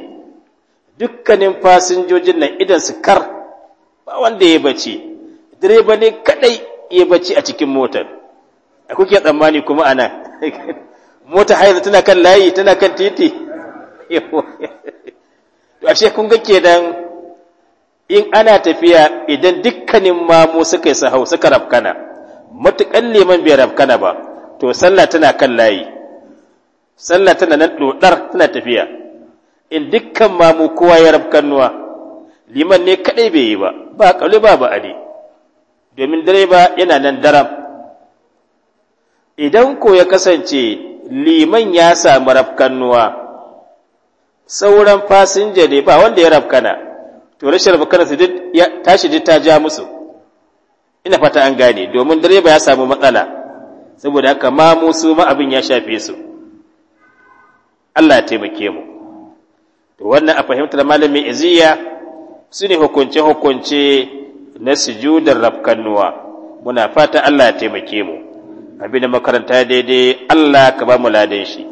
dukkanin fasinjojin nan idan su kar ba wanda ya bacci direba ne kaɗai ya bacci a cikin motar a kuke tsammani kuma a mota haizu tana kan layi tana kan titi to ashe kun ga kenan in ana tafiya idan dukkanin mamu suka yi sahau suka rafkana matuƙan neman bai rafkana ba to sallah tana kan layi sallah tana nan dodar tana tafiya in dukkan mamu kowa ya rafkanuwa liman ne kadai bai yi ba ba kauli ba ba ade domin direba yana nan daram idan ko ya kasance liman ya samu rafkannuwa sauran fasinja ne ba wanda ya rafkana to rashin rafkana su tashi duk ta ja musu ina fata an gane domin direba ya samu matsala saboda haka ma musu ma abin ya shafe su Allah ya taimake mu to wannan a fahimtar malamin iziya su ne hukunce-hukunce na sujudar rafkannuwa muna fata Allah ya taimake mu abin makaranta daidai Allah ka ba mu ladan shi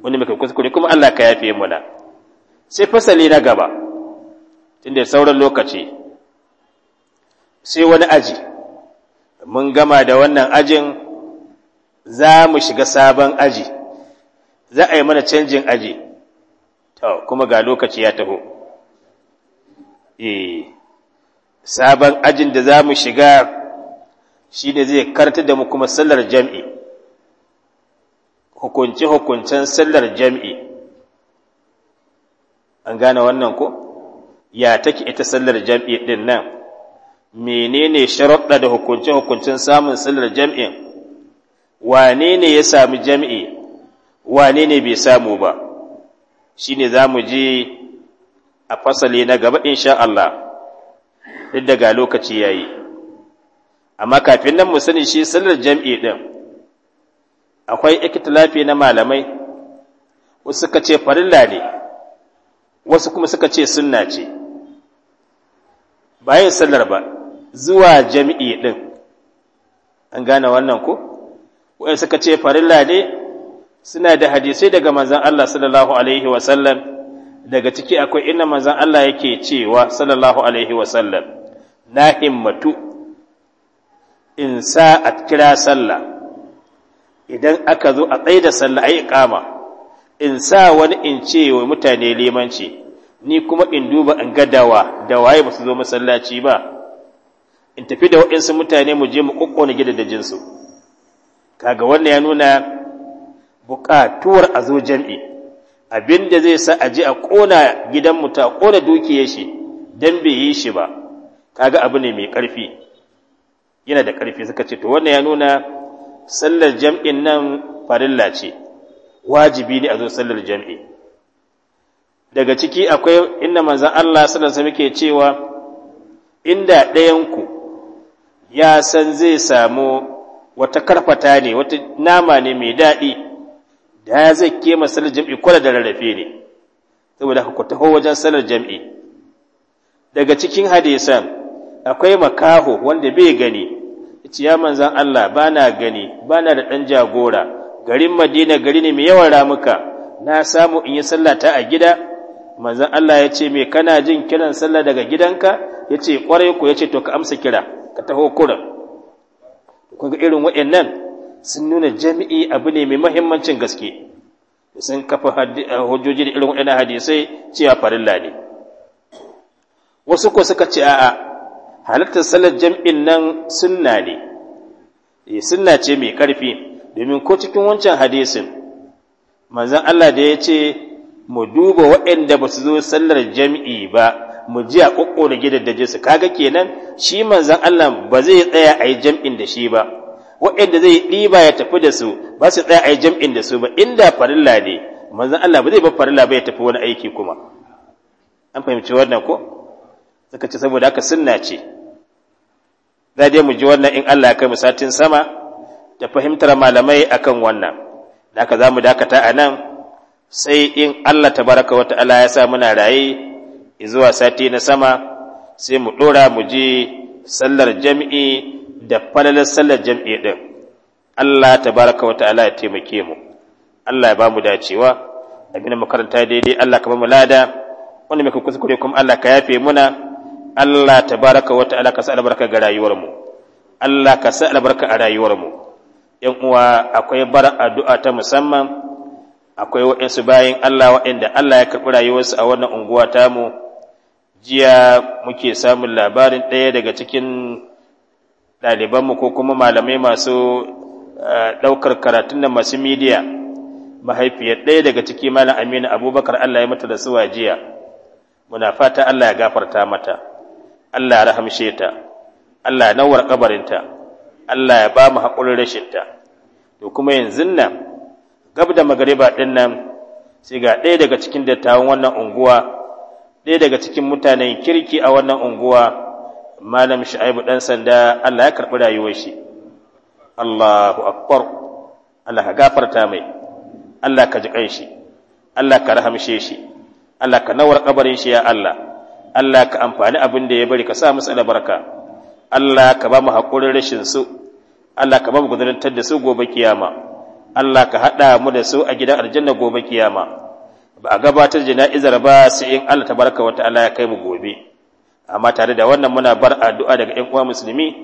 wani muka kuskure kuma Allah ka yafe na sai fasali na gaba tunda sauran lokaci sai wani aji mun gama da wannan ajin za mu shiga sabon aji za a yi mana canjin aji to kuma ga lokaci ya taho eh sabon ajin da za mu shiga shi ne zai karta da mu kuma sallar jam'i hukunce-hukuncen sallar jam'i an gane wannan ko ya take ita sallar jam'i ɗin nan menene sharaɗa da hukunce hukuncin samun sallar jam'i wane ne ya sami jam'i wane ne bai samu ba shi ne za mu je a fasali na gaba insha Allah duk daga lokaci ya yi amma kafin nan mu sani shi sallar jam'i din, akwai ikhtilafi na malamai wasu suka ce farilla ne wasu kuma suka ce sunna ce bayan sallar ba zuwa jam'i din. an gane wannan ko wai suka ce farilla ne suna da hadisai daga manzon Allah sallallahu alaihi wa sallam daga ciki akwai inda manzon Allah yake cewa sallallahu alaihi wa sallam na himmatu in sa a kira sallah idan aka zo a tsaye da sallah a yi ƙama in sa wani in ce wa mutane limanci ni kuma in duba in gadawa da waye ba su zo masallaci ba in tafi da waɗansu mutane mu je mu ƙoƙƙona jinsu kaga wannan ya nuna buƙatuwar a zo jam'i abin da zai sa a je a ƙona gidan ta a ƙona dukiyar shi don bai yi shi ba kaga abu ne mai ƙarfi yana da ƙarfi suka ce to wannan ya nuna sallar jam'in nan farilla ce wajibi ne a zo sallar jam'i daga ciki akwai inda manzan Allah sallarsa muke cewa inda ɗayanku ya san zai samu wata karfata ne wata nama ne mai daɗi da zai kema sallar jam'i kwada da rarrafe ne saboda haka ku taho wajen sallar jam'i daga cikin hadisan akwai makaho wanda bai gani ce ya manzan Allah ba na gani ba na da ɗan jagora garin madina gari ne mai yawan ramuka na samu in yi sallata a gida manzan Allah ya ce me kana jin kiran sallah daga gidanka ya ce ƙwarai ku ya ce to ka amsa kira ka taho kuran kun ga irin waɗannan sun nuna jami'i abu ne mai mahimmancin gaske sun kafa eh, hujjoji da irin waɗannan hadisai cewa farilla ne wasu ko suka ce a'a halartar salar jam'in nan sunna ne eh, sunna ce mai ƙarfi domin ko cikin wancan hadisin manzon Allah da ya ce mu duba waɗanda ba su zo sallar jam'i ba mu ji a ƙoƙo da gidaddaje su kaga kenan shi manzon Allah ba zai tsaya a yi jam'in da shi ba waɗanda zai ɗiba ya tafi da su ba su tsaya a yi jam'in da su ba inda farilla ne manzon Allah ba zai bar farilla ba ya tafi wani aiki kuma an fahimci wannan ko suka ce saboda haka sunna ce za dai mu ji wannan in Allah ya kai mu satin sama da fahimtar malamai akan wannan da haka za mu dakata a nan sai in Allah tabaraka wa ta'ala ya sa muna raye zuwa sati na sama sai mu ɗora mu ji sallar jam'i da falalar sallar jam'i ɗin Allah tabaraka wa ta'ala ya taimake mu Allah ya ba mu dacewa abin makaranta daidai Allah ka ba mu lada wanda muka kuskure kuma Allah ka yafe muna Allah ta wata ta'ala ka sa albarka ga rayuwar mu Allah ka sa albarka a rayuwar mu yan uwa akwai bar addu'a ta musamman akwai waɗansu bayan Allah waɗanda Allah ya karɓi rayuwarsu a wannan unguwa mu jiya muke samun labarin ɗaya daga cikin ɗalibanmu ko kuma malamai masu eh, ɗaukar karatun da masu midiya mahaifiyar ɗaya daga ciki malam aminu abubakar Allah ya mata da suwa jiya muna fata Allah ya gafarta mata Allah rahamshe ta Allah ya nawar kabarinta Allah ya ba mu haƙurin rashinta to kuma yanzu nan gab da magariba ɗin nan sai ga ɗaya daga cikin dattawan wannan unguwa ɗaya daga cikin mutanen kirki a wannan unguwa malam sha'ibu ɗan sanda Allah ya karɓi rayuwar shi Allahu akbar Allah ka gafarta mai Allah ka ji shi Allah ka rahamshe shi Allah ka nawar kabarin shi ya Allah Allah ka amfani abin da ya bari ka sa musu albarka Allah ka ba mu haƙurin rashin su Allah ka ba mu gudanar da su gobe kiyama Allah ka haɗa mu da su a gidan aljanna gobe kiyama ba a gabatar jana'izar ba sai in Allah tabaraka wa ta'ala ya kai mu gobe amma tare da wannan muna bar addu'a daga ƴan uwa musulmi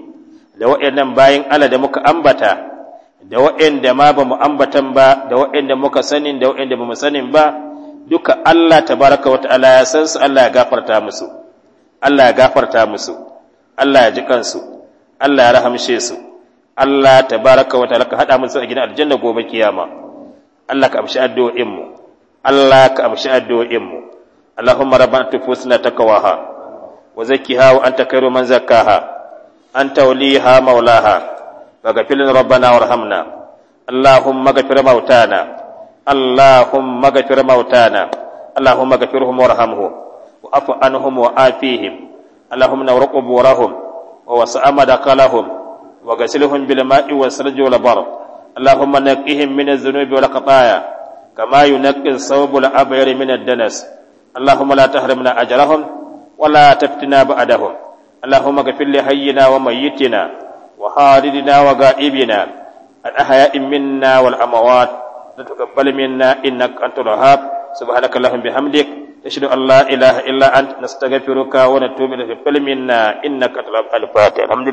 da waɗannan bayin Allah da muka ambata da waɗanda ma ba mu ambatan ba da waɗanda muka sanin da waanda ba mu sanin ba duka Allah tabaraka wa ta'ala ya san su Allah ya gafarta musu Allah ya gafarta musu Allah ya ji kansu Allah ya rahamshe su Allah tabaraka wa ta'ala ka hada musu a gidan aljanna gobe kiyama Allah ka amshi addu'o'in mu Allah ka amshi addu'o'in mu Allahumma rabbana tufusna takawaha wa zakkiha wa anta khairu man zakkaha anta waliha maulaha faghfir lana rabbana warhamna Allahumma ghfir na. allahumma gacure mautana allahumma gacurhum warhamhum wa afu anhum wa afihim allahumma nawru quburahum wa wasi amadakalahum wa gasilhum bil ma'i wa sirji wal bar allahumma naqihim min adh-dhunubi wal khataaya kama yunaqqi as-sawb al abyar min ad-danas allahumma la tahrimna ajrahum wa la taftina ba'dahum allahumma ghfir li hayyina wa mayyitina wa hadidina wa ghaibina al ahya'i minna wal amwat وتقبل منا إنك أنت الوهاب سبحانك اللهم بحمدك نشهد أن لا إله إلا أنت نستغفرك ونتوب إليك فقبل منا إنك أنت الوهاب الفاتح الحمد لله